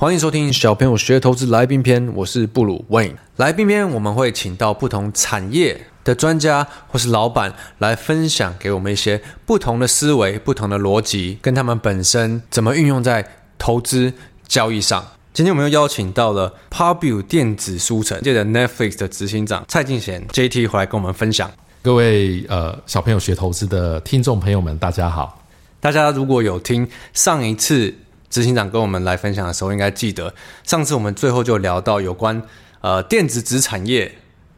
歡迎收聽《小朋友學投資》來賓篇，我是布魯 Wayne。來賓篇我們會請到不同產業的專家或是老闆來分享給我們一些不同的思維、不同的邏輯，跟他們本身怎麼運用在投資交易上。今天我們又邀請到了 Pubu 電子書城接着 Netflix 的執行長蔡競賢 JT 回來跟我們分享。各位呃，小朋友學投資的聽眾朋友們，大家好！大家如果有聽上一次，執行長跟我們來分享的時候，應該記得上次我們最後就聊到有關呃電子紙產業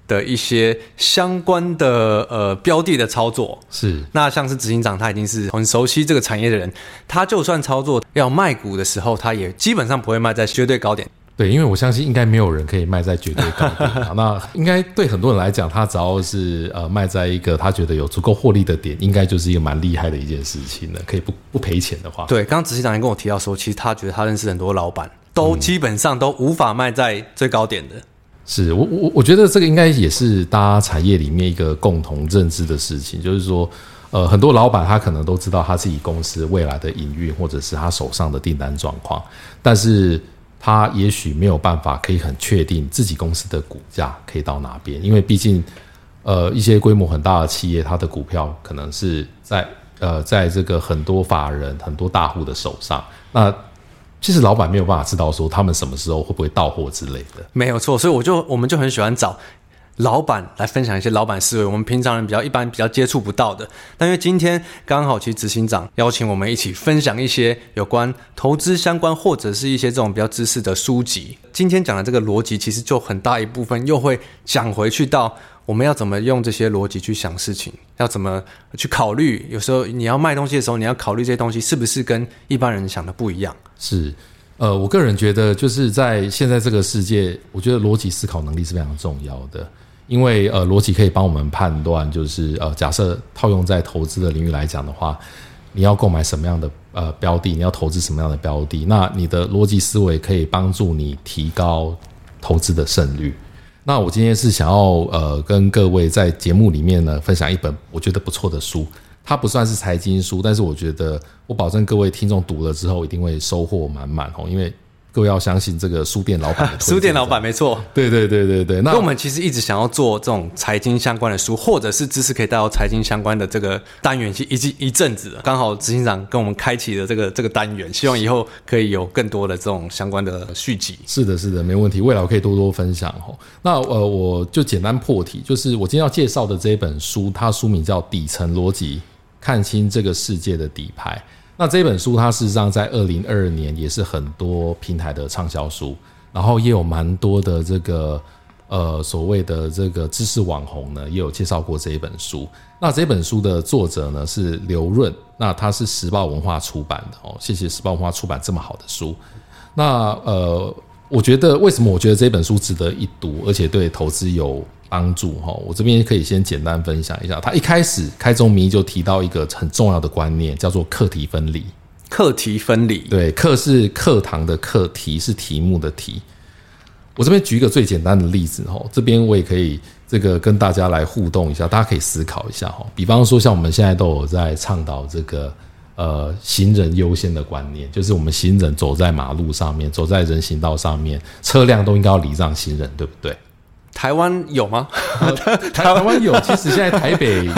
的一些相關的呃標的的操作。是，那像是執行長他已經是很熟悉這個產業的人，他就算操作要賣股的時候，他也基本上不會賣在絕對高點。對，因為我相信應該沒有人可以賣在絕對高點。 那應該對很多人來講，他只要是呃賣在一個他覺得有足夠獲利的點，應該就是一個蠻厲害的一件事情了。可以不不賠錢的話，對。剛剛執行長也跟我提到說，其實他覺得他認識很多老闆，都基本上都無法賣在最高點的。嗯，是我我我覺得這個應該也是大家產業裡面一個共同認知的事情，就是說，呃，很多老闆他可能都知道他自己公司未來的營運或者是他手上的訂單狀況，但是。他也許沒有辦法可以很確定自己公司的股價可以到哪邊，因為畢竟，呃，一些規模很大的企業，它的股票可能是在呃，在這個很多法人、很多大戶的手上。那其實老闆沒有辦法知道說他們什麼時候會不會到貨之類的。沒有錯，所以我就我們就很喜歡找。老闆來分享一些老闆思維，我們平常人比較一般比較接觸不到的，但因為今天剛好，其實執行長邀請我們一起分享一些有關投資相關或者是一些這種比較知識的書籍。今天講的這個邏輯，其實就很大一部分又會講回去到我們要怎麼用這些邏輯去想事情，要怎麼去考慮。有時候你要賣東西的時候，你要考慮這些東西是不是跟一般人想的不一樣。是，呃，我個人覺得就是在現在這個世界，我覺得邏輯思考能力是非常重要的。因為呃，邏輯可以幫我們判斷，就是呃，假設套用在投資的領域來講的話，你要購買什麼樣的呃標的，你要投資什麼樣的標的，那你的邏輯思維可以幫助你提高投資的勝率。那我今天是想要呃，跟各位在節目裡面呢分享一本我覺得不錯的書，它不算是財經書，但是我覺得我保證各位聽眾讀了之後一定會收穫滿滿哦，因為。各位要相信這個書店老闆的書店老闆沒錯，對對對對對。那我們其實一直想要做這種財經相關的書，或者是知識可以帶到財經相關的這個單元去，一一陣子剛好執行長跟我們開啟了這個這個單元，希望以後可以有更多的這種相關的續集。是的，是的，沒問題，未來我可以多多分享齁。那呃，我就簡單破題，就是我今天要介紹的這一本書，它書名叫《底層邏輯》，看清這個世界的底牌。那這本書它事實上在二零二二年也是很多平台的暢銷書，然後也有蠻多的這個呃所謂的這個知識網紅呢，也有介紹過這一本書。那這本書的作者呢是劉潤，那他是時報文化出版的哦。謝謝時報文化出版這麼好的書。那呃，我覺得為什麼我覺得這本書值得一讀，而且對投資有幫助哈，我這邊可以先簡單分享一下。他一開始開宗明義就提到一個很重要的觀念，叫做課題分離。課題分離，對，課是課堂的課，題是題目的題。我這邊舉一個最簡單的例子哈，這邊我也可以這個跟大家來互動一下，大家可以思考一下哈。比方說，像我們現在都有在倡導這個呃行人優先的觀念，就是我們行人走在馬路上面，走在人行道上面，車輛都應該要禮讓行人，對不對？台灣有嗎？呃、台灣有，其實現在台北也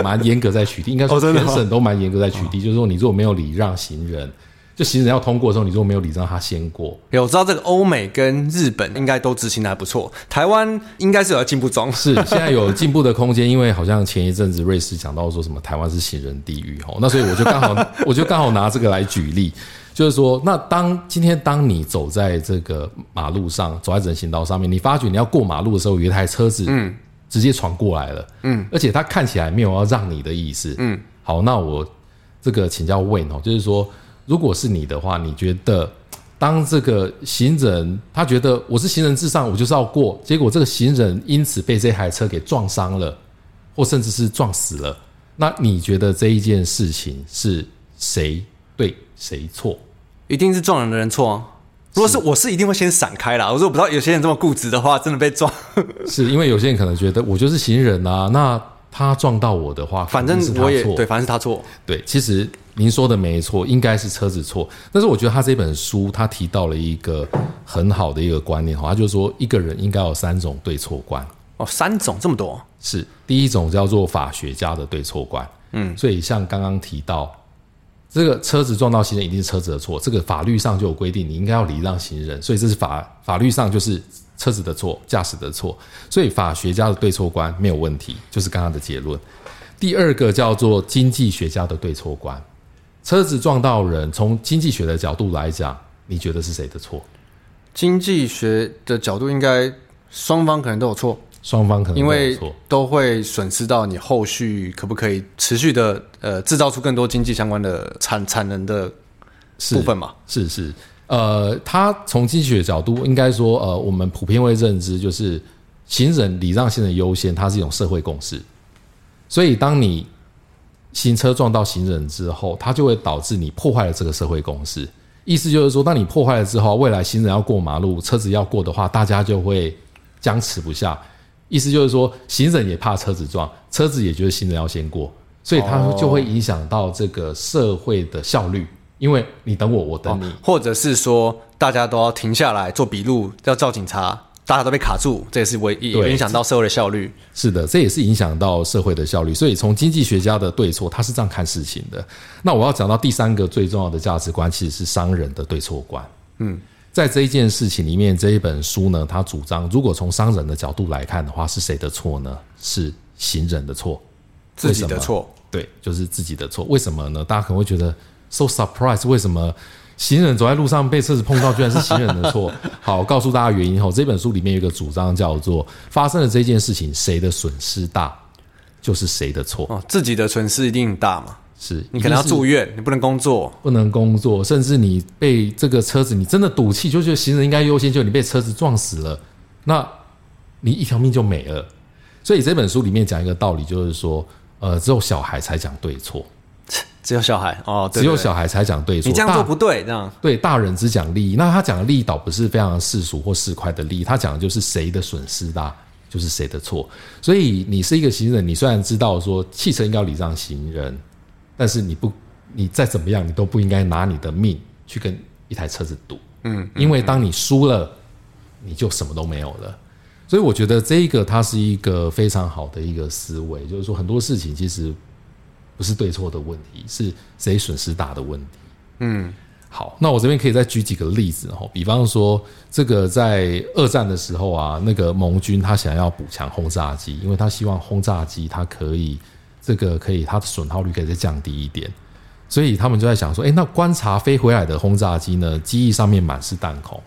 蠻嚴格在取締，應該說全省都蠻嚴格在取締。哦哦。就是說，你如果沒有禮讓行人，就行人要通過的時候，你如果沒有禮讓他先過。有、欸，我知道這個歐美跟日本應該都執行得還不錯，台灣應該是有要進步中，是現在有進步的空間。因為好像前一陣子瑞士講到說什麼台灣是行人地獄，吼，那所以我就剛好， 我就剛好拿這個來舉例。就是說，那當今天當你走在這個馬路上，走在人行道上面，你發覺你要過馬路的時候，有一台車子直接闖過來了，嗯，而且他看起來沒有要讓你的意思，嗯，好，那我這個請教問哦，就是說，如果是你的話，你覺得當這個行人他覺得我是行人至上，我就是要過，結果這個行人因此被這台車給撞傷了，或甚至是撞死了，那你覺得這一件事情是誰對誰錯？一定是撞人的人錯啊。如果是我是一定會先閃開啦。我說我不知道有些人這麼固執的話，真的被撞是。是因為有些人可能覺得我就是行人啊，那他撞到我的話，反正可能是他錯。我也對，反正是他錯。對，其實您說的沒錯，應該是車子錯。但是我覺得他這本書他提到了一個很好的一個觀念，他就是說一個人應該有三種對錯觀哦，三種這麼多？是，第一種叫做法學家的對錯觀，嗯，所以像剛剛提到。這個車子撞到行人，一定是車子的錯。這個法律上就有規定，你應該要禮讓行人，所以這是法、法律上就是車子的錯，駕駛的錯。所以法學家的對錯觀沒有問題，就是剛剛的結論。第二個叫做經濟學家的對錯觀，車子撞到人，從經濟學的角度來講，你覺得是誰的錯？經濟學的角度應該雙方可能都有錯。雙方可能都有錯，因為都會損失到你後續可不可以持續的呃製造出更多經濟相關的產產能的部分嘛？是是，是呃，他從經濟學的角度應該說呃，我們普遍會認知就是行人禮讓行人優先，它是一種社會共識。所以當你行車撞到行人之後，它就會導致你破壞了這個社會共識。意思就是說，當你破壞了之後，未來行人要過馬路，車子要過的話，大家就會僵持不下。意思就是說，行人也怕車子撞，車子也覺得行人要先過，所以它就會影響到這個社會的效率。因為你等我，我等你，或者是說大家都要停下來做筆錄，要叫警察，大家都被卡住，這也是唯一影響到社會的效率。是的，這也是影響到社會的效率。所以從經濟學家的對錯，他是這樣看事情的。那我要講到第三個最重要的價值觀，其實是商人的對錯觀。嗯。在這一件事情裡面，這一本書呢，他主張，如果從商人的角度來看的話，是誰的錯呢？是行人的錯，自己的錯，對，就是自己的錯。為什麼呢？大家可能會覺得 so surprised，為什麼行人走在路上被車子碰到，居然是行人的錯？ 好，告訴大家原因後，這本書裡面有個主張叫做：發生了這件事情，誰的損失大，就是誰的錯。哦，自己的損失一定大嗎？是,是你可能要住院，你不能工作，不能工作，甚至你被這個車子，你真的賭氣，就覺得行人應該優先，就你被車子撞死了，那你一條命就沒了。所以這本書裡面講一個道理，就是說，呃，只有小孩才講對錯，只有小孩哦對對對，只有小孩才講對錯，你這樣做不對，這樣。對，大人只講利益，那他講的利益倒不是非常世俗或市儈的利益，他講的就是誰的損失大、啊、就是誰的錯。所以你是一個行人，你雖然知道說汽車應該要禮讓行人。但是你不，你再怎麼樣，你都不應該拿你的命去跟一台車子賭。嗯，嗯，因為當你輸了，你就什麼都沒有了。所以我覺得這一個它是一個非常好的一個思維，就是說很多事情其實不是對錯的問題，是誰損失大的問題。嗯，好，那我這邊可以再舉幾個例子吼，哦，比方說這個在二戰的時候啊，那個盟軍他想要補強轟炸機，因為他希望轟炸機它可以。這個可以，它的損耗率可以再降低一點，所以他們就在想說，誒，那觀察飛回來的轟炸機呢？機翼上面滿是彈孔。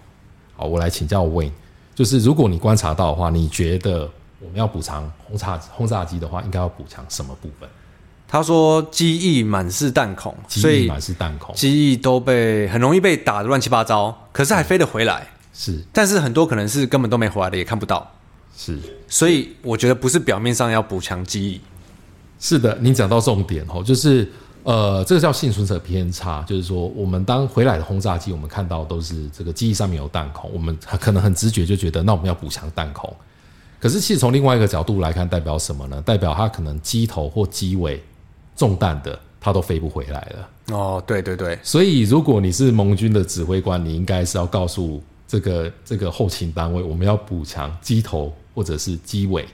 好，我來請教我問，就是如果你觀察到的話，你覺得我們要補償轟炸轟炸機的話，應該要補償什麼部分？他說機翼滿是彈孔，所以機翼滿是彈孔，機翼都被很容易被打得亂七八糟，可是還飛得回來，嗯，是，但是很多可能是根本都沒回來的，也看不到。是，所以我覺得不是表面上要補償機翼。是的，您講到重點哦，就是呃，這個叫倖存者偏差，就是說，我們當回來的轟炸機，我們看到都是這個機翼上面有彈孔，我們可能很直覺就覺得，那我們要補強彈孔。可是，其實從另外一個角度來看，代表什麼呢？代表它可能機頭或機尾中彈的，它都飛不回來了。哦，對對對，所以如果你是盟軍的指揮官，你應該是要告訴這個這個後勤單位，我們要補強機頭或者是機尾，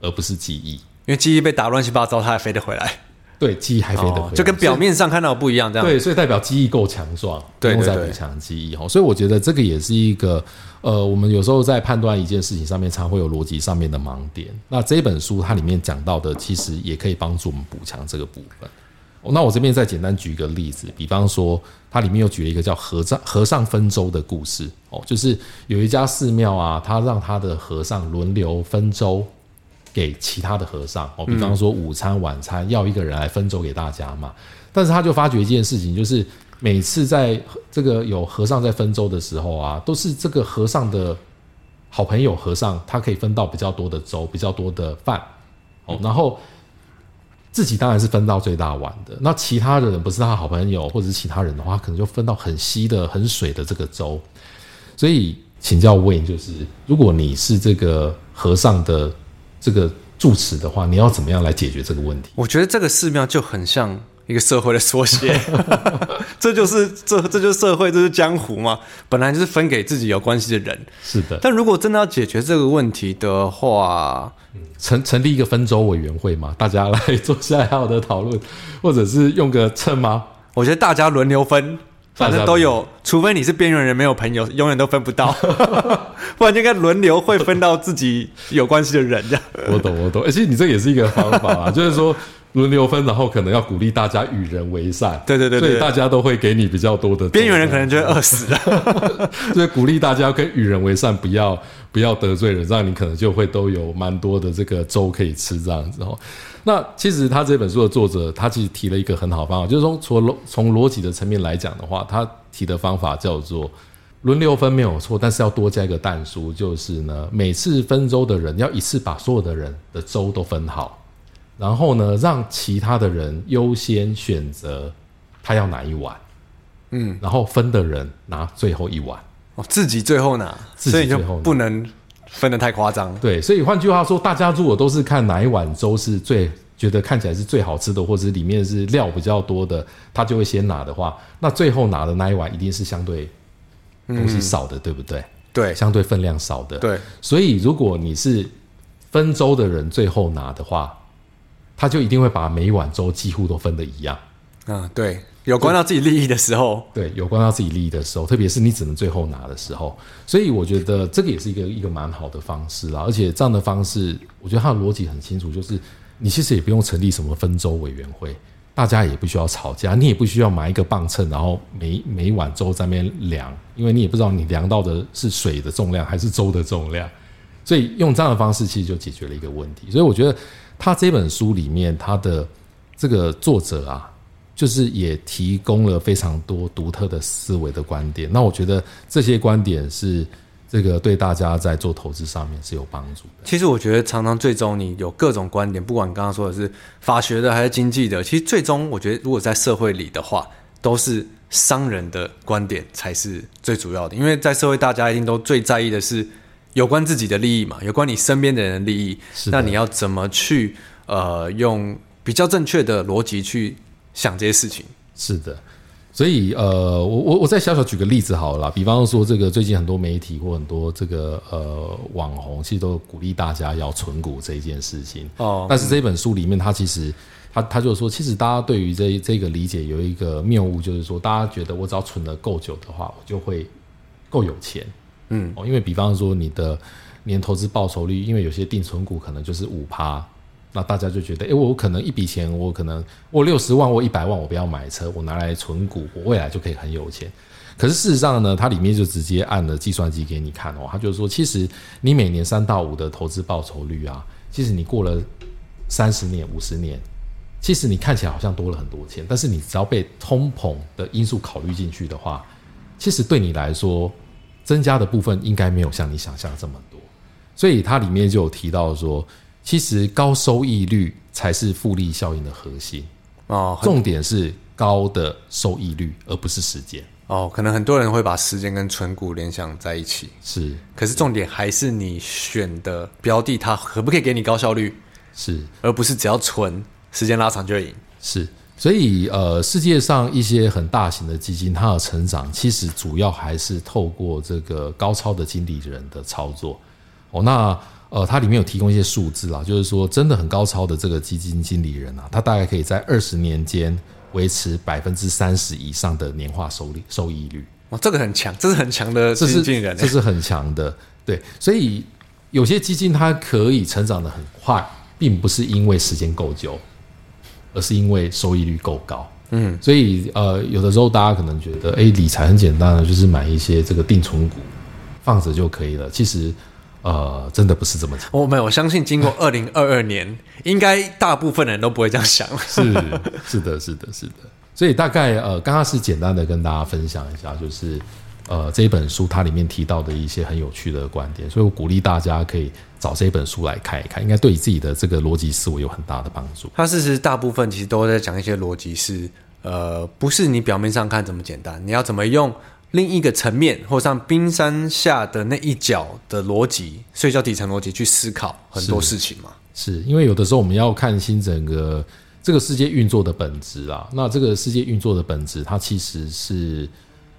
而不是機翼。因為記憶被打亂七八糟，它還飛得回來。對，記憶還飛得回來，哦，就跟表面上看到不一樣。這樣對，所以代表記憶夠強壯，用對對對對在補強記憶。所以我覺得這個也是一個呃，我們有時候在判斷一件事情上面，常會有邏輯上面的盲點。那這本書它裡面講到的，其實也可以幫助我們補強這個部分，哦。那我這邊再簡單舉一個例子，比方說，它裡面又舉了一個叫和尚和尚分粥的故事哦，就是有一家寺廟啊，他讓他的和尚輪流分粥。給其他的和尚，哦，比方說午餐、晚餐要一個人來分粥給大家嘛。但是他就發覺一件事情，就是每次在這個有和尚在分粥的時候啊，都是這個和尚的好朋友和尚，他可以分到比較多的粥、比較多的飯。哦，然後自己當然是分到最大碗的。那其他的人不是他的好朋友或者是其他人的話，可能就分到很稀的、很水的這個粥。所以請教問就是，如果你是這個和尚的？這個住持的話，你要怎麼樣來解決這個問題？我覺得這個寺廟就很像一個社會的縮寫 這就是這這就是社會，這是江湖嘛，本來就是分給自己有關係的人。是的，但如果真的要解決這個問題的話，嗯、成成立一個分粥委員會嘛，大家來坐下來好好的討論，或者是用個秤嗎？我覺得大家輪流分。反正都有，除非你是邊緣人，沒有朋友，永遠都分不到。 不然應該輪流會分到自己有關係的人。這樣。我，我懂，我懂，欸。而且你這也是一個方法啊， 就是說輪流分，然後可能要鼓勵大家與人為善。對對，對對對。所以大家都會給你比較多的。邊緣人可能就會餓死了。 所以鼓勵大家可以與人為善，不要不要得罪人，讓 你可能就會都有蠻多的這個粥可以吃這樣子哦。那其實他這本書的作者，他其實提了一個很好的方法，就是說從邏從邏輯的層面來講的話，他提的方法叫做輪流分沒有錯，但是要多加一個但書，就是呢，每次分粥的人要一次把所有的人的粥都分好，然後呢讓其他的人優先選擇他要哪一碗，嗯，然後分的人拿最後一碗，哦，自己最後拿，自己最後拿，所以就不能。分得太誇張，對，所以換句話說，大家如果都是看哪一碗粥是最覺得看起來是最好吃的，或者是裡面是料比較多的，他就會先拿的話，那最後拿的那一碗一定是相對東西少的，嗯、對不對？對，相對分量少的，對，所以如果你是分粥的人最後拿的話，他就一定會把每一碗粥幾乎都分得一樣。嗯、啊，對。有關到自己利益的時候，對，對，有關到自己利益的時候，特別是你只能最後拿的時候，所以我覺得這個也是一個一個蠻好的方式啊。而且這樣的方式，我覺得它的邏輯很清楚，就是你其實也不用成立什麼分粥委員會，大家也不需要吵架，你也不需要買一個磅秤，然後每每一碗粥在那邊量，因為你也不知道你量到的是水的重量還是粥的重量。所以用這樣的方式，其實就解決了一個問題。所以我覺得他這本書裡面，他的這個作者啊。就是也提供了非常多獨特的思維的觀點。那我覺得這些觀點是這個對大家在做投資上面是有幫助的。其實我覺得常常最終你有各種觀點，不管你剛剛說的是法學的還是經濟的，其實最終我覺得如果在社會裡的話，都是商人的觀點才是最主要的，因為在社會大家一定都最在意的是有關自己的利益嘛，有關你身邊的人的利益。是，那你要怎麼去呃，用比較正確的邏輯去？想這些事情是的，所以呃，我我我再小小舉個例子好了，比方說這個最近很多媒體或很多這個呃網紅，其實都鼓勵大家要存股這一件事情哦、嗯。但是這本書裡面，他其實他他就是說，其實大家對於這這個理解有一個謬誤，就是說大家覺得我只要存得夠久的話，我就會夠有錢。嗯，哦，因為比方說你的年投資報酬率，因為有些定存股可能就是五趴。那大家就覺得，誒、欸，我可能一筆錢，我可能我六十萬，我一百萬，我不要買車，我拿來存股，我未來就可以很有錢。可是事實上呢，它裡面就直接按了計算機給你看哦，他就是說，其實你每年三到五的投資報酬率啊，其實你過了三十年、五十年，其實你看起來好像多了很多錢，但是你只要被通膨的因素考慮進去的話，其實對你來說增加的部分應該沒有像你想象這麼多。所以它裡面就有提到說。其實高收益率才是複利效應的核心哦，重點是高的收益率，而不是時間哦，哦。可能很多人會把時間跟存股聯想在一起，是。可是重點還是你選的標的，它可不可以給你高效率？是，而不是只要存時間拉長就贏是。是，所以呃，世界上一些很大型的基金，它的成長其實主要還是透過這個高超的經理人的操作。哦，那。呃，它裡面有提供一些數字啦，就是說真的很高超的這個基金經理人啊，他大概可以在二十年間維持百分之三十以上的年化收益收益率。哇，這個很強，這是很強的基金經理人，這是很強的。對，所以有些基金它可以成長得很快，並不是因為時間夠久，而是因為收益率夠高。嗯，所以呃，有的時候大家可能覺得，哎、欸，理財很簡單的，就是買一些這個定存股放着就可以了。其實。呃，真的不是這麼講。我沒有，我相信，經過二零二二年， 應該大部分人都不會這樣想了。是是的，是的，是的。所以大概呃，剛剛是簡單的跟大家分享一下，就是呃，這本書它裡面提到的一些很有趣的觀點。所以我鼓勵大家可以找這本書來看一看，應該對自己的這個邏輯思維有很大的幫助。它事實大部分其實都在講一些邏輯，是呃，不是你表面上看這麼簡單，你要怎麼用？另一個層面，或者像冰山下的那一角的邏輯，所以叫底層邏輯去思考很多事情嘛。是，是因為有的時候我們要看清整個這個世界運作的本質啊。那這個世界運作的本質，它其實是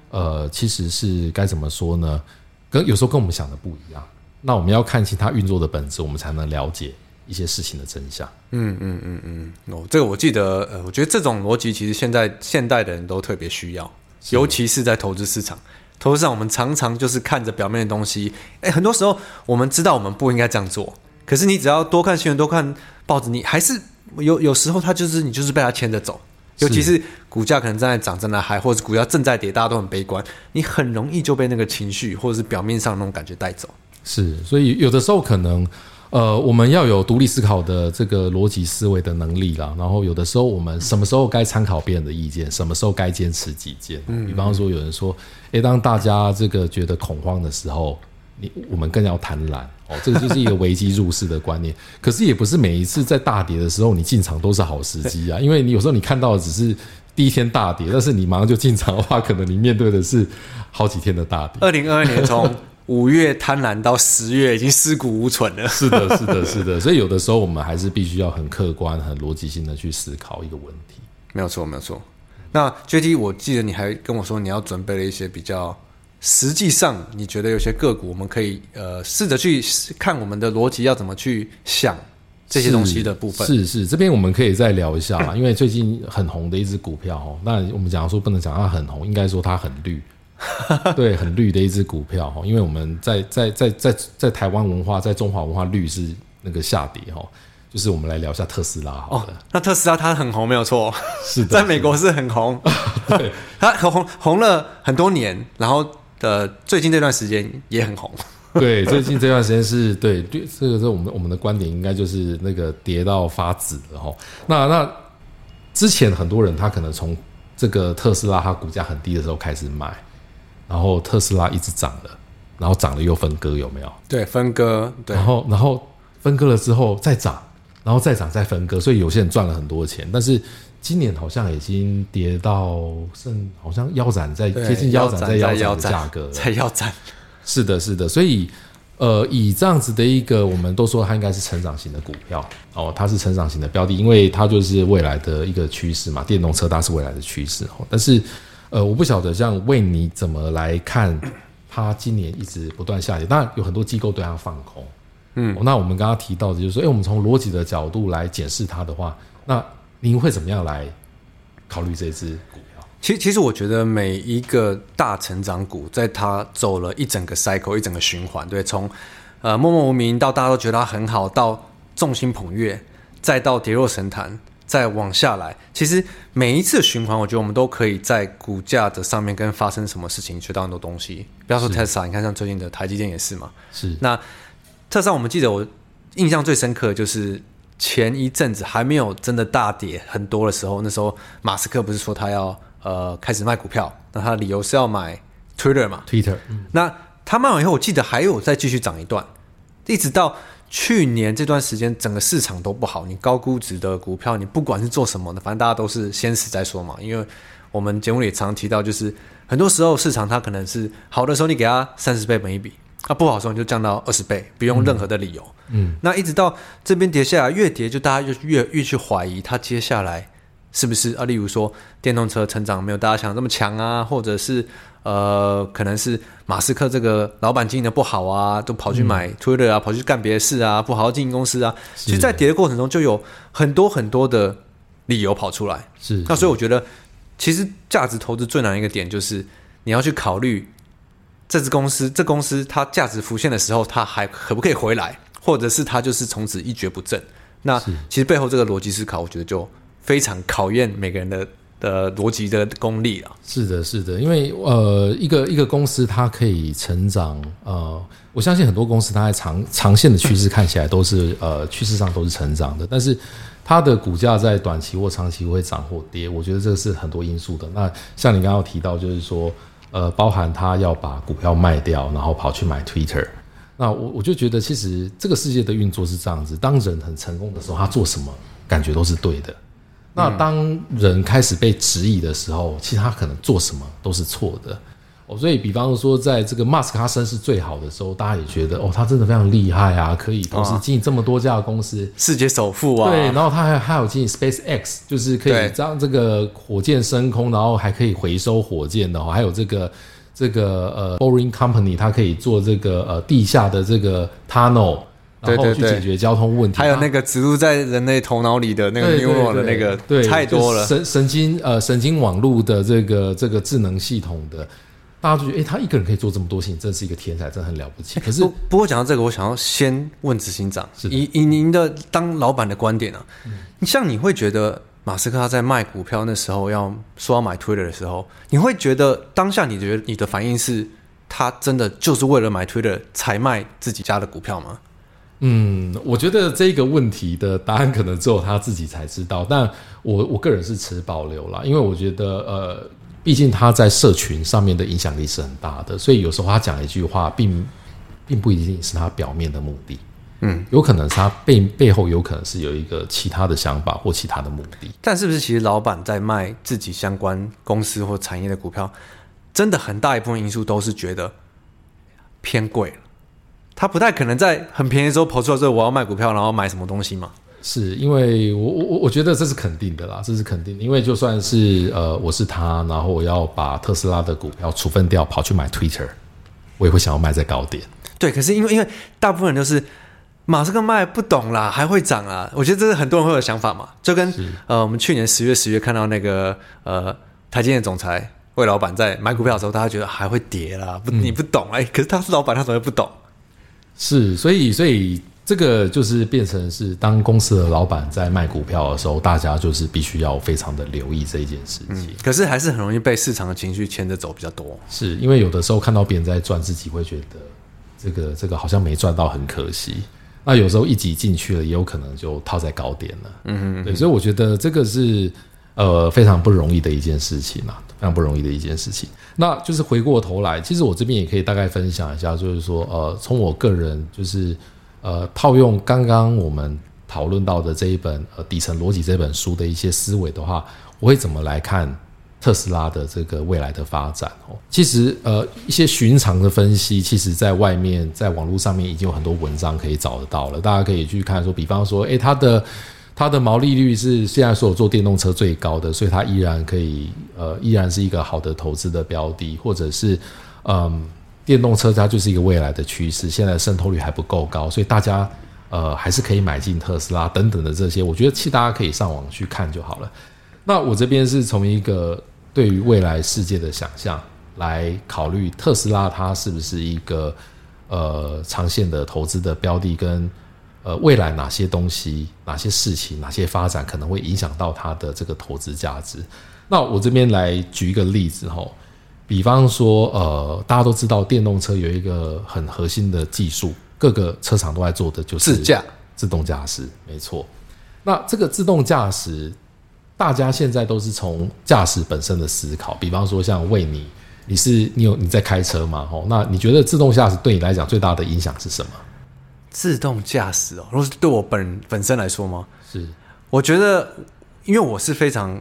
呃，其實是該怎麼說呢？跟有時候跟我們想的不一樣。那我們要看清它運作的本質，我們才能了解一些事情的真相。嗯嗯嗯嗯。哦，這個我記得，呃，我覺得這種邏輯其實現在現代的人都特別需要。尤其是在投資市場，投資市場我們常常就是看着表面的東西，誒、欸，很多時候我們知道我們不應該這樣做，可是你只要多看新聞、多看報紙，你還是有有時候它就是你就是被它牽着走，尤其是股價可能正在漲、正在嗨，或者是股價正在跌，大家都很悲觀，你很容易就被那個情緒或者是表面上那種感覺帶走。是，所以有的時候可能。呃，我們要有獨立思考的這個邏輯思維的能力啦。然後有的時候，我們什麼時候該參考別人的意見，什麼時候該堅持己見，嗯嗯。比方說，有人說，哎，欸，當大家這個覺得恐慌的時候，你我們更要貪婪哦。這個就是一個危機入市的觀念。 可是也不是每一次在大跌的時候你進場都是好時機啊。因為你有時候你看到的只是第一天大跌，但是你馬上就進場的話，可能你面對的是好幾天的大跌。二零二二年從。 五月貪婪到十月，已經屍骨無存了。是的，是的，是的。所以有的時候我們還是必須要很客觀、很邏輯性的去思考一個問題。沒有錯，沒有錯。那最近我記得你還跟我說你要準備了一些比較，實際上你覺得有些個股我們可以呃試着去看我們的邏輯要怎麼去想這些東西的部分。是是，是，這邊我們可以再聊一下嘛？因為最近很紅的一只股票哦，那我們講說不能講它很紅，應該說它很綠。 對，很綠的一支股票哈，因為我們在在在在在台灣文化，在中華文化，綠是那個下跌哈。就是我們來聊一下特斯拉哦。那特斯拉它很紅，沒有錯，是的，在美國是很紅，啊、對，它很紅紅紅了很多年，然後的最近這段時間也很紅。 對，最近這段時間是對綠，這個是我們我們的觀點，應該就是那個跌到發紫然後，那那之前很多人他可能從這個特斯拉它股價很低的時候開始買。然後特斯拉一直漲了，然後漲了又分割，有沒有？對，分割，對。然後，然後分割了之後再漲，然後再漲再分割，所以有些人賺了很多錢。但是今年好像已經跌到剩，好像腰斬，在接近腰斬，在腰斬的價格了，在腰，腰斬。是的，是的。所以，呃，以這樣子的一個，我們都說它應該是成長型的股票哦，它是成長型的標的，因為它就是未來的一個趨勢嘛，電動車它是未來的趨勢哦，但是。呃，我不曉得像為你怎麼來看它，今年一直不斷下跌，當然有很多機構對它放空，嗯，哦、那我們剛剛提到的就是說，哎、欸，我們從邏輯的角度來檢視它的話，那您會怎麼樣來考慮這只股票？其實，其實我覺得每一個大成長股，在它走了一整個 cycle、一整個循環，對，從呃默默無名到大家都覺得它很好，到眾星捧月，再到跌落神壇。再往下來，其實每一次循環，我覺得我們都可以在股價的上面跟發生什麼事情學到很多東西。不要說 Tesla，你看像最近的台積電也是嘛。是那特斯拉，我們記得我印象最深刻的就是前一陣子還沒有真的大跌很多的時候，那時候馬斯克不是說他要呃開始賣股票，那他的理由是要買 Twitter 嘛？Twitter，嗯。那他賣完以後，我記得還有再繼續漲一段，一直到。去年這段時間，整個市場都不好。你高估值的股票，你不管是做什麼的，反正大家都是先死再說嘛。因為我們節目裡常提到，就是很多時候市場它可能是好的時候，你給它三十倍本益比，啊，不好的時候你就降到二十倍，不用任何的理由。嗯，那一直到這邊跌下來，越跌就大家就越越去懷疑它接下來。是不是啊？例如說電動車成長沒有大家想的那麼強啊，或者是呃，可能是馬斯克這個老闆經營的不好啊，都跑去買 Twitter 啊，嗯，跑去幹別的事啊，不好好經營公司啊。其實，在跌的過程中，就有很多很多的理由跑出來。是，是。那所以我覺得，其實價值投資最難一個點就是你要去考慮這只公司，這公司它價值浮現的時候，它還可不可以回來，或者是它就是從此一蹶不振。那其實背後這個邏輯思考，我覺得就。非常考驗每個人的的邏輯的功力啊。是的，是的，因為呃，一個一個公司它可以成長，呃，我相信很多公司它在長長線的趨勢看起來都是呃趨勢上都是成長的，但是它的股價在短期或長期會漲或跌，我覺得這是很多因素的。那像你剛剛提到，就是說呃，包含他要把股票賣掉，然後跑去買 Twitter，那我我就覺得其實這個世界的運作是這樣子，當人很成功的時候，他做什麼感覺都是對的。那當人開始被質疑的時候、嗯，其實他可能做什麼都是錯的。哦，所以比方說，在這個馬斯克他聲勢最好的時候，大家也覺得哦，他真的非常厲害啊，可以同時經營這麼多家公司、啊，世界首富啊。對，然後他還有他還有經營 SpaceX，就是可以讓這個火箭升空，然後還可以回收火箭的，然後還有這個這個呃 Boring Company，它可以做這個呃地下的這個 Tunnel。然後去解決交通問題，對對對，還有那個植入在人類頭腦裡的對對對對，那個 Neuron 的那個太多了，就是，神神經呃神經網絡的這個這個智能系統的，大家就覺得哎，欸，他一個人可以做這麼多事情，真是一個天才，真很了不起。可是，欸，不過講到這個，我想要先問執行長，是以以您的當老闆的觀點啊，嗯，像你會覺得馬斯克他在賣股票那時候要說要買 Twitter 的時候，你會覺得當下你覺得你的反應是他真的就是為了買 Twitter 才賣自己家的股票嗎？嗯，我覺得這個問題的答案可能只有他自己才知道。但我我個人是持保留啦，因為我覺得，呃，畢竟他在社群上面的影響力是很大的，所以有時候他講一句話，並並不一定是他表面的目的。嗯，有可能是他背背後有可能是有一個其他的想法或其他的目的。但是不是，其實老板在賣自己相關公司或產業的股票，真的很大一部分因素都是覺得偏貴了。他不太可能在很便宜的時候跑出來說，我要賣股票，然後買什麼東西嘛？是因為我我我覺得這是肯定的啦，這是肯定的，因為就算是呃我是他，然後我要把特斯拉的股票處分掉，跑去買 Twitter，我也會想要賣在高點。對，可是因為因為大部分人都是馬斯克賣不懂啦，還會漲啊，我覺得這是很多人會有想法嘛。就跟呃我們去年十月十月看到那個呃台積電總裁魏老闆在買股票的時候，大家覺得還會跌啦，不你不懂哎、嗯欸，可是他是老闆，他怎麼會不懂？是，所以所以這個就是變成是，當公司的老板在賣股票的時候，大家就是必須要非常的留意這一件事情。嗯，可是還是很容易被市場的情緒牽着走比較多。是因為有的時候看到別人在賺，自己會覺得這個這個好像沒賺到很可惜。那有時候一擠進去了，也有可能就套在高點了。嗯哼嗯哼，對，所以我覺得這個是。呃，非常不容易的一件事情啊，非常不容易的一件事情。那就是回過頭來，其實我這邊也可以大概分享一下，就是說，呃，從我個人，就是呃，套用剛剛我們討論到的這一本呃，《底層邏輯》這本書的一些思維的話，我會怎麼來看特斯拉的這個未來的發展？哦，其實呃，一些尋常的分析，其實在外面在網絡上面已經有很多文章可以找得到了，大家可以去看。說，比方說，誒、欸，它的。它的毛利率是現在所有做電動車最高的，所以它依然可以，呃，依然是一個好的投資的標的，或者是，嗯，電動車它就是一個未來的趨勢，現在滲透率還不夠高，所以大家呃還是可以買進特斯拉等等的這些。我覺得，其實大家可以上網去看就好了。那我這邊是從一個對於未來世界的想象來考慮特斯拉它是不是一個呃長線的投資的標的跟。呃，未來哪些東西、哪些事情、哪些發展可能會影響到它的這個投資價值？那我這邊來舉一個例子哈、哦，比方說，呃，大家都知道電動車有一個很核心的技術，各個車廠都在做的就是自駕、自動駕駛，沒錯。那這個自動駕駛，大家現在都是從駕駛本身的思考，比方說像為你，你是你有你在開車嗎？吼，那你覺得自動駕駛對你來講最大的影響是什麼？自動駕駛哦，如果是對我本本身來說嗎？是，我覺得，因為我是非常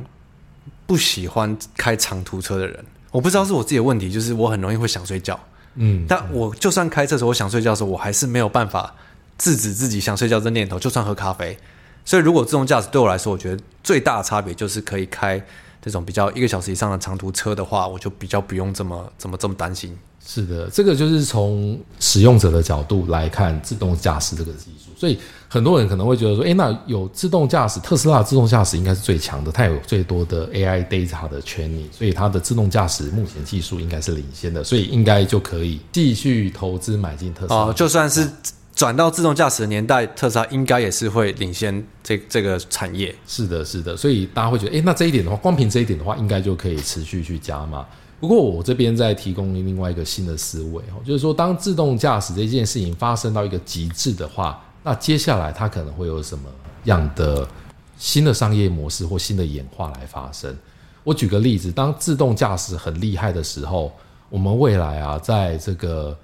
不喜歡開長途車的人。我不知道是我自己的問題，就是我很容易會想睡覺。嗯，但我就算開車的時候，我想睡覺的時候，我還是沒有辦法制止自己想睡覺這念頭，就算喝咖啡。所以如果自動駕駛對我來說，我覺得最大的差別就是可以開這種比較一個小時以上的長途車的話，我就比較不用這麼怎麼這麼擔心。是的，這個就是從使用者的角度來看自動駕駛這個技術，所以很多人可能會覺得說，哎、欸，那有自動駕駛，特斯拉的自動駕駛應該是最強的，它有最多的 AI data 的權利。所以它的自動駕駛目前技術應該是領先的，所以應該就可以繼續投資買進特斯拉。哦、就算是轉到自動駕駛的年代，特斯拉應該也是會領先這這個產業。是的，是的，所以大家會覺得，哎、欸，那這一點的話，光憑這一點的話，應該就可以持續去加碼。不過我這邊再提供另外一個新的思維哦，就是說，當自動駕駛這件事情發生到一個極致的話，那接下來它可能會有什麼樣的新的商業模式或新的演化來發生？我舉個例子，當自動駕駛很厲害的時候，我們未來啊，在這個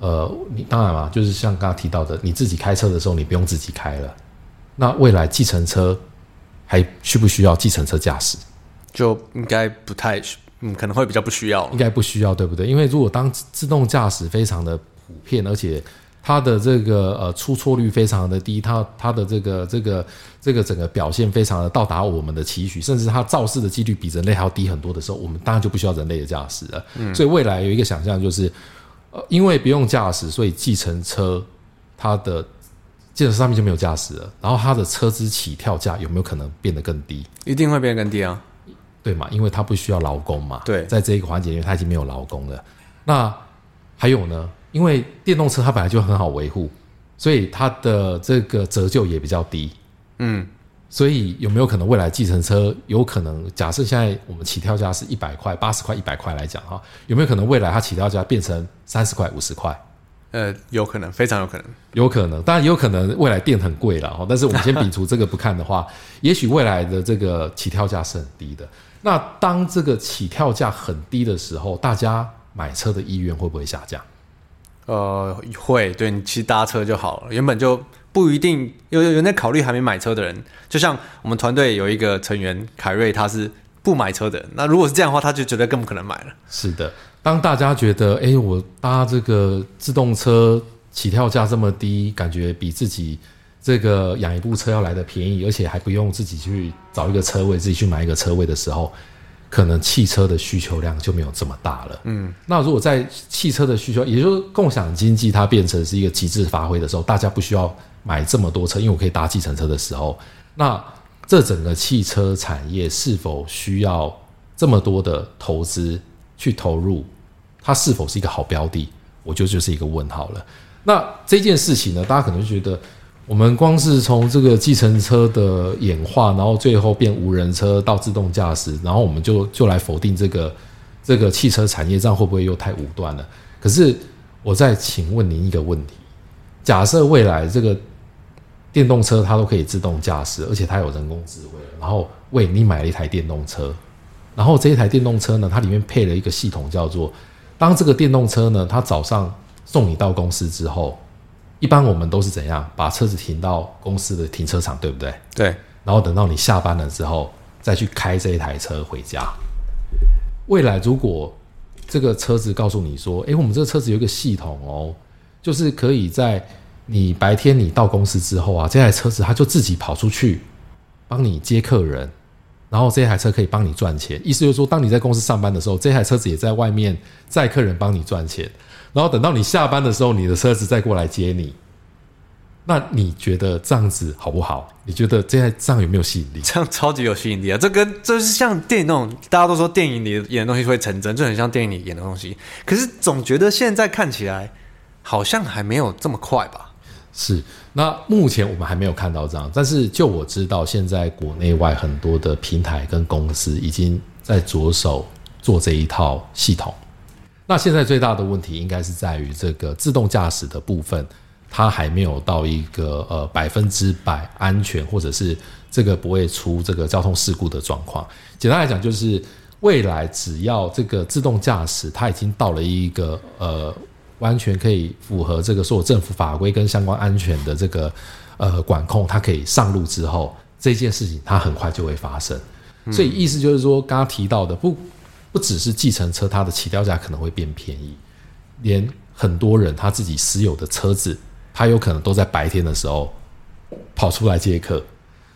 呃，你當然了啊，就是像剛剛提到的，你自己開車的時候，你不用自己開了，那未來計程車還需不需要計程車駕駛？就應該不太需。嗯，可能會比較不需要，應該不需要，對不對？因為如果當自動駕駛非常的普遍，而且它的這個呃出錯率非常的低，它它的這個這個這個整個表現非常的到達我們的期許，甚至它肇事的幾率比人類還要低很多的時候，我們當然就不需要人類的駕駛了。嗯。所以未來有一個想象就是，呃，因為不用駕駛，所以計程車它的計程上面就沒有駕駛了，然後它的車資起跳價有沒有可能變得更低？一定會變得更低啊。對嘛，因為他不需要勞工嘛。對，在這一個環節，因為他已經沒有勞工了。那還有呢，因為電動車它本來就很好維護，所以它的這個折舊也比較低。嗯，所以有沒有可能未來計程車有可能？假設現在我們起跳價是一百塊、八十塊、一百塊來講哈，有沒有可能未來它起跳價變成三十塊、五十塊？呃，有可能，非常有可能，有可能。當然也有可能未來電很貴了哈。但是我們先摒除這個不看的話， 也許未來的這個起跳價是很低的。那當這個起跳價很低的時候，大家買車的意願會不會下降？呃，會，對你去搭車就好了。原本就不一定，有有有考慮還沒買車的人，就像我們團隊有一個成員凱瑞，他是不買車的人。那如果是這樣的話，他就覺得更不可能買了。是的，當大家覺得，哎、欸，我搭這個自動車起跳價這麼低，感覺比自己，這個養一部車要來的便宜，而且還不用自己去找一個車位，自己去買一個車位的時候，可能汽車的需求量就沒有這麼大了。嗯，那如果在汽車的需求，也就是共享經濟它變成是一個極致發揮的時候，大家不需要買這麼多車，因為我可以搭計程車的時候，那這整個汽車產業是否需要這麼多的投資去投入？它是否是一個好標的？我覺得就是一個問號了。那這件事情呢，大家可能就覺得。我們光是從這個計程車的演化，然後最後變無人車到自動駕駛，然後我們就就來否定這個這個汽車產業，這樣會不會又太武斷了？可是我再請問您一個問題：假設未來這個電動車它都可以自動駕駛，而且它有人工智慧，然後為你買了一台電動車，然後這一台電動車呢，它裡面配了一個系統，叫做當這個電動車呢，它早上送你到公司之後。一般我們都是怎樣把車子停到公司的停車場，對不對？對。然後等到你下班了之後，再去開這一台車回家。未來如果這個車子告訴你說：“誒，我們這個車子有一個系統哦，就是可以在你白天你到公司之後啊，這台車子它就自己跑出去幫你接客人。”然後這台車可以幫你賺錢，意思就是說，當你在公司上班的時候，這台車子也在外面載客人幫你賺錢。然後等到你下班的時候，你的車子再過來接你。那你覺得這樣子好不好？你覺得這樣這樣有沒有吸引力？這樣超級有吸引力啊！這跟、個、就是像電影那種，大家都說電影裡演的東西會成真，就很像電影裡演的東西。可是總覺得現在看起來好像還沒有這麼快吧？是，那目前我們還沒有看到這樣，但是就我知道，現在國內外很多的平台跟公司已經在着手做這一套系統。那現在最大的問題應該是在於這個自動駕駛的部分，它還沒有到一個呃百分之百安全，或者是這個不會出這個交通事故的狀況。簡單來講，就是未來只要這個自動駕駛，它已經到了一個呃。完全可以符合這個所有政府法規跟相關安全的這個呃管控，它可以上路之後，這件事情它很快就會發生。所以意思就是說，剛剛提到的不不只是計程車，它的起跳價可能會變便宜，連很多人他自己私有的車子，他有可能都在白天的時候跑出來接客。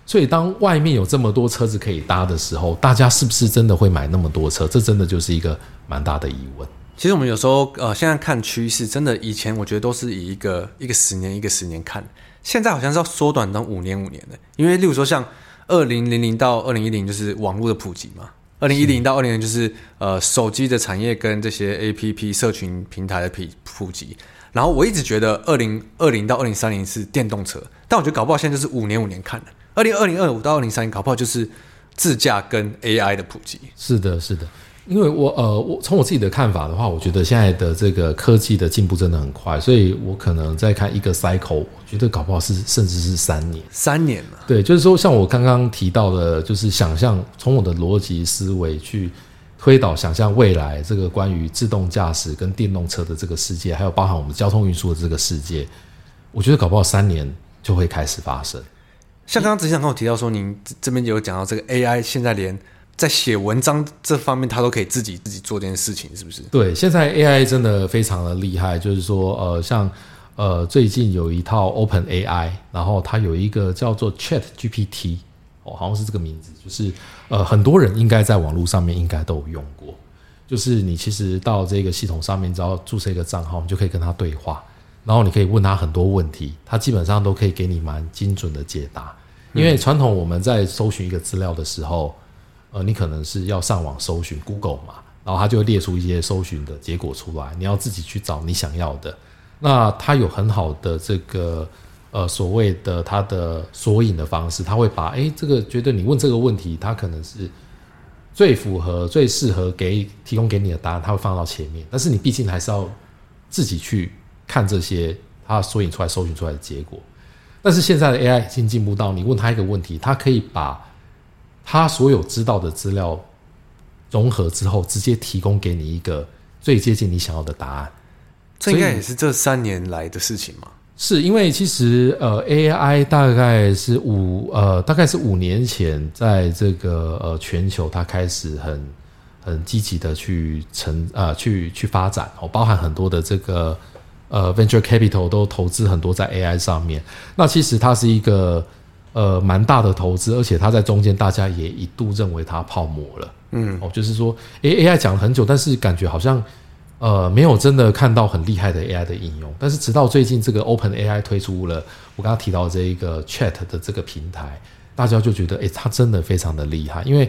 所以當外面有這麼多車子可以搭的時候，大家是不是真的會買那麼多車？這真的就是一個蠻大的疑問。其實我們有時候，呃，現在看趨勢，真的以前我覺得都是以一個一個十年一個十年看，現在好像是要縮短到五年五年的。因為，例如說像二零零零到二零一零，就是網絡的普及嘛，二零一零到二零年，就是呃手機的產業跟這些 APP 社群平台的普普及。然後我一直覺得二零二零到二零三零是電動車，但我覺得搞不好現在就是五年五年看的。二零二零二五到二零三零搞不好就是自駕跟 AI 的普及。是的，是的。因為我呃，我從我自己的看法的話，我覺得現在的這個科技的進步真的很快，所以我可能在看一個 cycle，我覺得搞不好是甚至是三年，三年了。對，就是說像我剛剛提到的，就是想象從我的邏輯思維去推導，想象未來這個關於自動駕駛跟電動車的這個世界，還有包含我們交通運輸的這個世界，我覺得搞不好三年就會開始發生。像剛剛執行長跟我提到說，您這邊有講到這個 AI 現在連。在寫文章這方面，他都可以自己自己做這件事情，是不是？對，現在 AI 真的非常的厲害，就是說，呃，像呃，最近有一套 OpenAI，然後它有一個叫做 ChatGPT，哦，好像是這個名字，就是呃，很多人應該在網絡上面應該都有用過，就是你其實到這個系統上面，只要注冊一個賬號，你就可以跟他對話，然後你可以問他很多問題，他基本上都可以給你蠻精準的解答，嗯、因為傳統我們在搜尋一個資料的時候。呃，你可能是要上網搜尋 Google 嘛，然後它就會列出一些搜尋的結果出來，你要自己去找你想要的。那它有很好的這個呃所謂的它的索引的方式，它會把誒、欸、這個覺得你問這個問題，它可能是最符合、最適合給提供給你的答案，它會放到前面。但是你畢竟還是要自己去看這些它索引出來、搜尋出來的結果。但是現在的 AI 已經進步到，你問他一個問題，它可以把。他所有知道的資料融合之後，直接提供給你一個最接近你想要的答案。這應該也是這三年來的事情嗎？是，因為其實呃，AI 大概是五呃，大概是五年前在這個呃全球它開始很很積極的去成呃去去發展哦，包含很多的這個呃 Venture Capital 都投資很多在 AI 上面。那其實它是一個。呃，蠻大的投資，而且它在中間，大家也一度認為它泡沫了。嗯，哦，就是說，欸、AI 講了很久，但是感覺好像呃，沒有真的看到很厲害的 AI 的應用。但是直到最近，這個 OpenAI 推出了，我剛剛提到這一個 Chat 的這個平台，大家就覺得，哎、欸，它真的非常的厲害。因為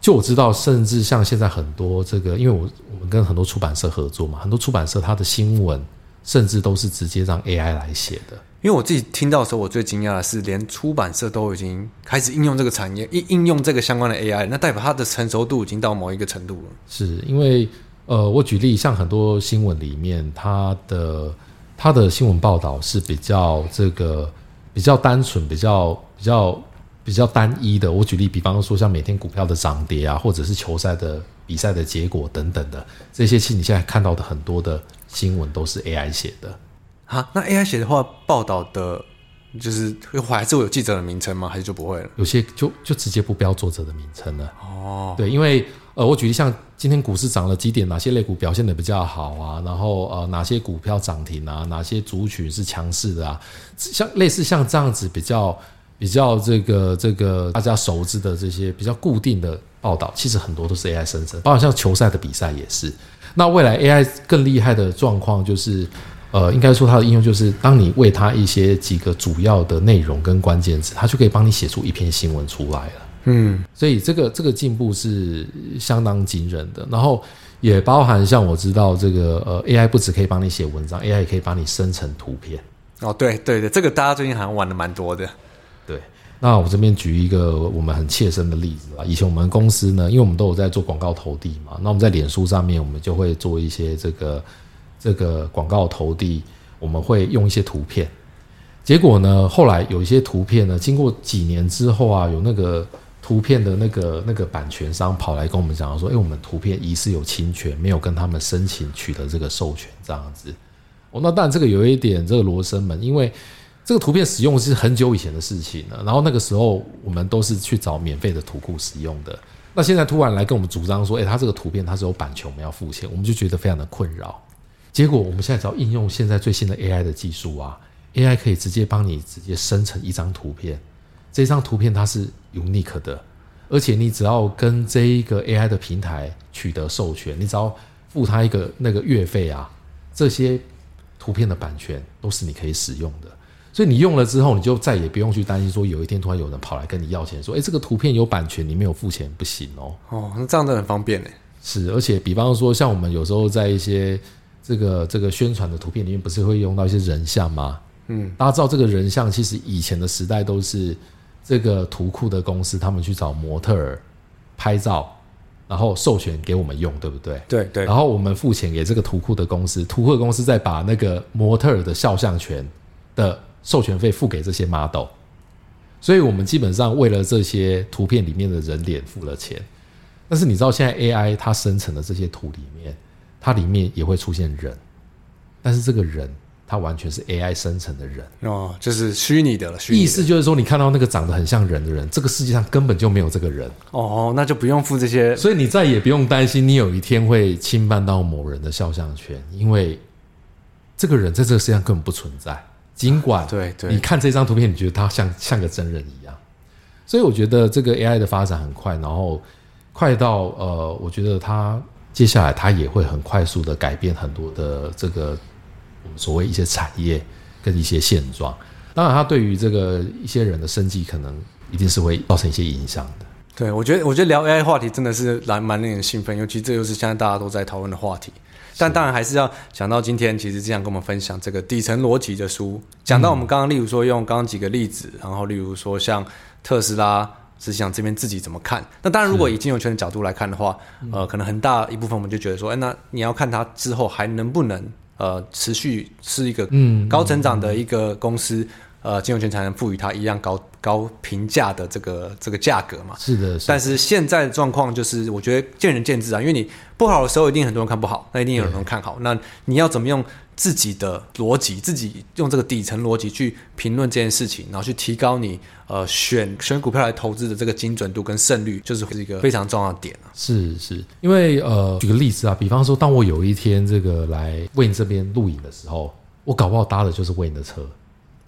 就我知道，甚至像現在很多這個，因為我我們跟很多出版社合作嘛，很多出版社它的新聞。甚至都是直接讓 AI 來寫的，因為我自己聽到的時候，我最驚訝的是，連出版社都已經開始應用這個產業，應應用這個相關的 AI，那代表它的成熟度已經到某一個程度了。是，因為，呃，我舉例，像很多新聞裡面，它的它的新聞報道是比較這個比較單純、比較比較比較單一的。我舉例，比方說像每天股票的漲跌啊，或者是球賽的比賽的結果等等的，這些其實你現在看到的很多的。新聞都是 AI 寫的，哈，那 AI 寫的話，報道的，就是還是會有記者的名稱嗎？還是就不會了？有些就就直接不標作者的名稱了。哦，對，因為呃，我舉例像今天股市漲了幾點，哪些類股表現得比較好啊？然後呃，哪些股票漲停啊？哪些族群是強勢的啊？像類似像這樣子比較比較這個這個大家熟知的這些比較固定的。報道其實很多都是 AI 生成，包括像球賽的比賽也是。那未來 AI 更厲害的狀況就是，呃，應該說它的應用就是，當你餵它一些幾個主要的內容跟關鍵詞，它就可以幫你寫出一篇新聞出來了。嗯，所以這個這個進步是相當驚人的。然後也包含像我知道這個，呃，AI 不只可以幫你寫文章，AI 也可以幫你生成圖片。哦，對對對，這個大家最近好像玩的蠻多的，對。那我這邊舉一個我們很切身的例子啊，以前我們公司呢，因為我們都有在做廣告投遞嘛，那我們在臉書上面，我們就會做一些這個這個廣告投遞，我們會用一些圖片。結果呢，後來有一些圖片呢，經過幾年之後啊，有那個圖片的那個那個版權商跑來跟我們講說，哎、欸，我們圖片疑似有侵權，沒有跟他們申請取得這個授權這樣子。哦，那但這個有一點這個羅生門，因為。這個圖片使用是很久以前的事情了，然後那個時候我們都是去找免費的圖庫使用的。那現在突然來跟我們主張說，哎，他這個圖片他是有版權，我們要付錢，我們就覺得非常的困擾。結果我們現在只要應用，現在最新的 AI 的技術啊，AI 可以直接幫你直接生成一張圖片，這張圖片它是 unique 的，而且你只要跟這一個 AI 的平台取得授權，你只要付他一個那個月費啊，這些圖片的版權都是你可以使用的。所以你用了之後，你就再也不用去擔心說，有一天突然有人跑來跟你要錢，說：“哎，這個圖片有版權，你沒有付錢，不行哦。”哦，那這樣子很方便呢。是，而且比方說，像我們有時候在一些這個這個宣傳的圖片裡面，不是會用到一些人像嗎？嗯，大家知道這個人像，其實以前的時代都是這個圖庫的公司，他們去找模特兒拍照，然後授權給我們用，對不對？對對。然後我們付錢給這個圖庫的公司，圖庫的公司再把那個模特兒的肖像權的。授權費付給這些 model，所以我們基本上為了這些圖片裡面的人臉付了錢。但是你知道，現在 AI 它生成的這些圖裡面，它裡面也會出現人，但是這個人他完全是 AI 生成的人哦，就是虛擬的了，虛擬。意思就是說，你看到那個長得很像人的人，這個世界上根本就沒有這個人哦，那就不用付這些，所以你再也不用擔心你有一天會侵犯到某人的肖像權，因為這個人在這個世界上根本不存在。儘管，對對，你看這張圖片，你覺得它像像個真人一樣，所以我覺得這個 AI 的發展很快，然後快到呃，我覺得它接下來它也會很快速的改變很多的這個我們所謂一些產業跟一些現狀。當然，它對於這個一些人的生計可能一定是會造成一些影響的。對，我覺得我覺得聊 AI 話題真的是蠻蠻令人興奮，尤其這就是現在大家都在討論的話題。但當然還是要講到今天，其實是想跟我們分享這個底層邏輯的書，講到我們剛剛，例如說用剛剛幾個例子，然後例如說像特斯拉，是想這邊自己怎麼看？那當然，如果以金融圈的角度來看的話，呃，可能很大一部分我們就覺得說，哎，那你要看它之後還能不能呃持續是一個嗯高成長的一個公司。呃，金融圈才能賦予它一樣高高評價的這個這個價格嘛？是的是，但是現在的狀況就是，我覺得見仁見智啊。因為你不好的時候，一定很多人看不好，那一定有很多人看好。那你要怎麼用自己的邏輯，自己用這個底層邏輯去評論這件事情，然後去提高你呃選選股票來投資的這個精準度跟勝率，就是一個非常重要的點啊。是是，因為呃，舉個例子啊，比方說，當我有一天這個來為你這邊錄影的時候，我搞不好搭的就是為你的車。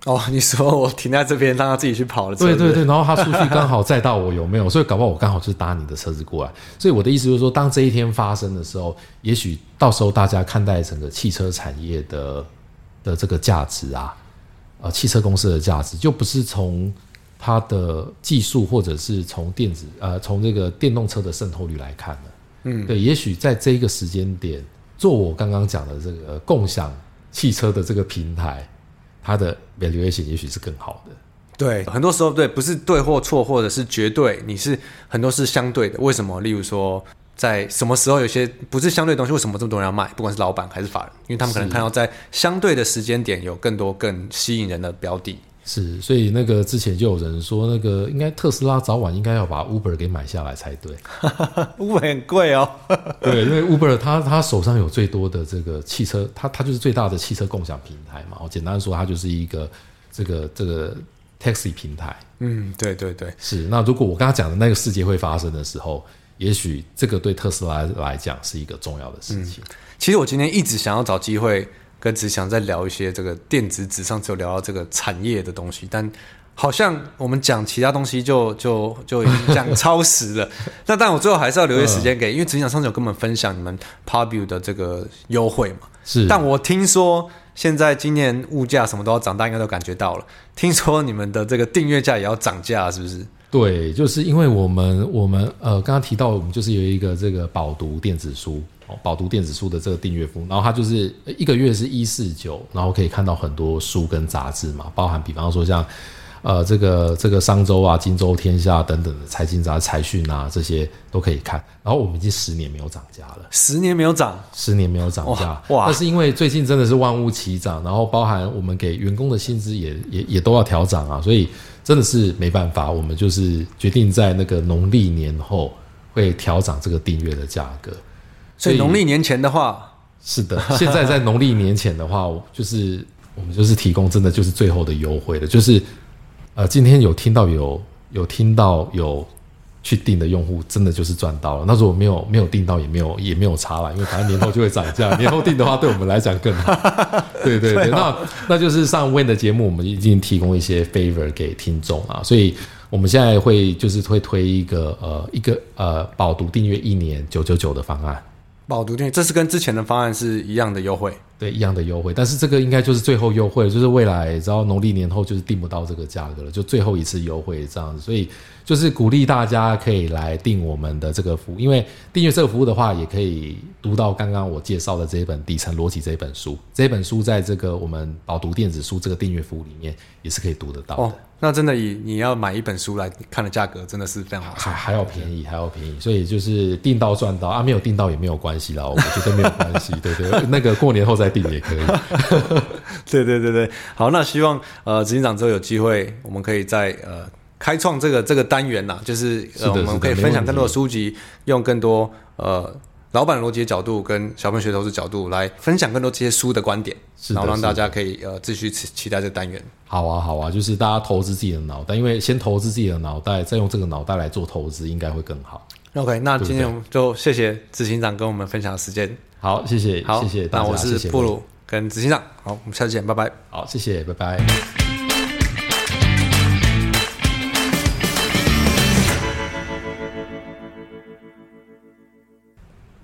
哦，你說我停在這邊，讓他自己去跑了。對對對，然後他出去剛好載到我，有沒有？ 所以搞不好我剛好就是搭你的車子過來。所以我的意思就是說，當這一天發生的時候，也許到時候大家看待整個汽車產業的的這個價值啊，呃，汽車公司的價值，就不是從它的技術或者是從電子，呃，從這個電動車的滲透率來看的。嗯，對，也許在這一個時間點，做我剛剛講的這個、呃、共享汽車的這個平台。它的 valuation 也許是更好的。對，很多時候對，不是對或錯，或者是絕對，你是很多是相對的。為什麼？例如說，在什麼時候有些不是相對的東西？為什麼這麼多人要賣？不管是老闆還是法人，因為他們可能看到在相對的時間點有更多更吸引人的標的。是，所以那個之前就有人說，那個應該特斯拉早晚應該要把 Uber 給買下來才對。 Uber 很貴貴哦， 對，因、那、為、個、Uber 他他手上有最多的這個汽車，他他就是最大的汽車共享平台嘛。我簡單說，它就是一個這個、這個、這個 taxi 平台。嗯，對對對，是。那如果我剛才講的那個世界會發生的時候，也許這個對特斯拉來講是一個重要的事情、嗯。其實我今天一直想要找機會。跟只想再聊一些這個電子紙，上次有聊到這個產業的東西，但好像我們講其他東西就就就已經講超時了。 那但我最後還是要留一些時間給、嗯，因為只想上次有跟我們分享你們 Pubu 的這個優惠嘛。是，但我聽說現在今年物價什麼都要漲，大家應該都感覺到了。聽說你們的這個訂閱價也要漲價，是不是？對，就是因為我們我們呃，剛剛提到我們就是有一個這個飽讀電子書。飽讀電子書的這個訂閱服務，然後它就是一個月是一四九，然後可以看到很多書跟雜誌嘛，包含比方說像呃這個這個商周啊、今周、天下等等的財經雜、啊、財訊啊這些都可以看。然後我們已經十年沒有漲價了，十年沒有漲，十年沒有漲價。哇！那是因為最近真的是萬物齊漲，然後包含我們給員工的薪資也也也都要調漲啊，所以真的是沒辦法，我們就是決定在那個農曆年後會調漲這個訂閱的價格。所以農曆年前的話，是的。現在在農曆年前的話，我就是我們就是提供真的就是最後的優惠的，就是呃，今天有聽到有有聽到有去訂的用戶，真的就是賺到了。那如果沒有沒有訂到也有，也沒有也沒有差了，因為反正年後就會漲價， 年後訂的話，對我們來講更好。 對對對， 那那就是上 Win 的節目，我們已經提供一些 favor 給聽眾啊。所以我們現在會就是會推一個呃一個呃飽讀訂閱一年九九九的方案。飽讀店，這是跟之前的方案是一樣的優惠。對，一樣的優惠，但是這個應該就是最後優惠，就是未來只要農曆年後就是訂不到這個價格了，就最後一次優惠這樣子。所以就是鼓勵大家可以來訂我們的這個服務，因為訂閱這個服務的話，也可以讀到剛剛我介紹的這一本底層邏輯這一本書。這本書在這個我們飽讀電子書這個訂閱服務裡面也是可以讀得到的。哦、那真的以你要買一本書來看的價格，真的是非常好，啊，還還要便宜還要便宜，所以就是訂到賺到啊，沒有訂到也沒有關係啦，我覺得沒有關係， 對對，那個過年後再。也可以，對對對對，好，那希望呃執行長之後有機會，我們可以再呃開創這個這個單元吶、啊，就是呃是的是的我們可以分享更多的書籍，用更多呃老板邏輯角度跟小朋友學投資角度來分享更多這些書的觀點，是的是的然後讓大家可以呃繼續期期待這個單元。好啊，好啊，就是大家投資自己的腦袋，因為先投資自己的腦袋，再用這個腦袋來做投資，應該會更好。OK，那今天我們就謝謝執行長跟我們分享的時間。好，謝謝，好，謝謝大家，那我是 PUBU 跟競賢長，好，我們下次見，拜拜。好，謝謝，拜拜。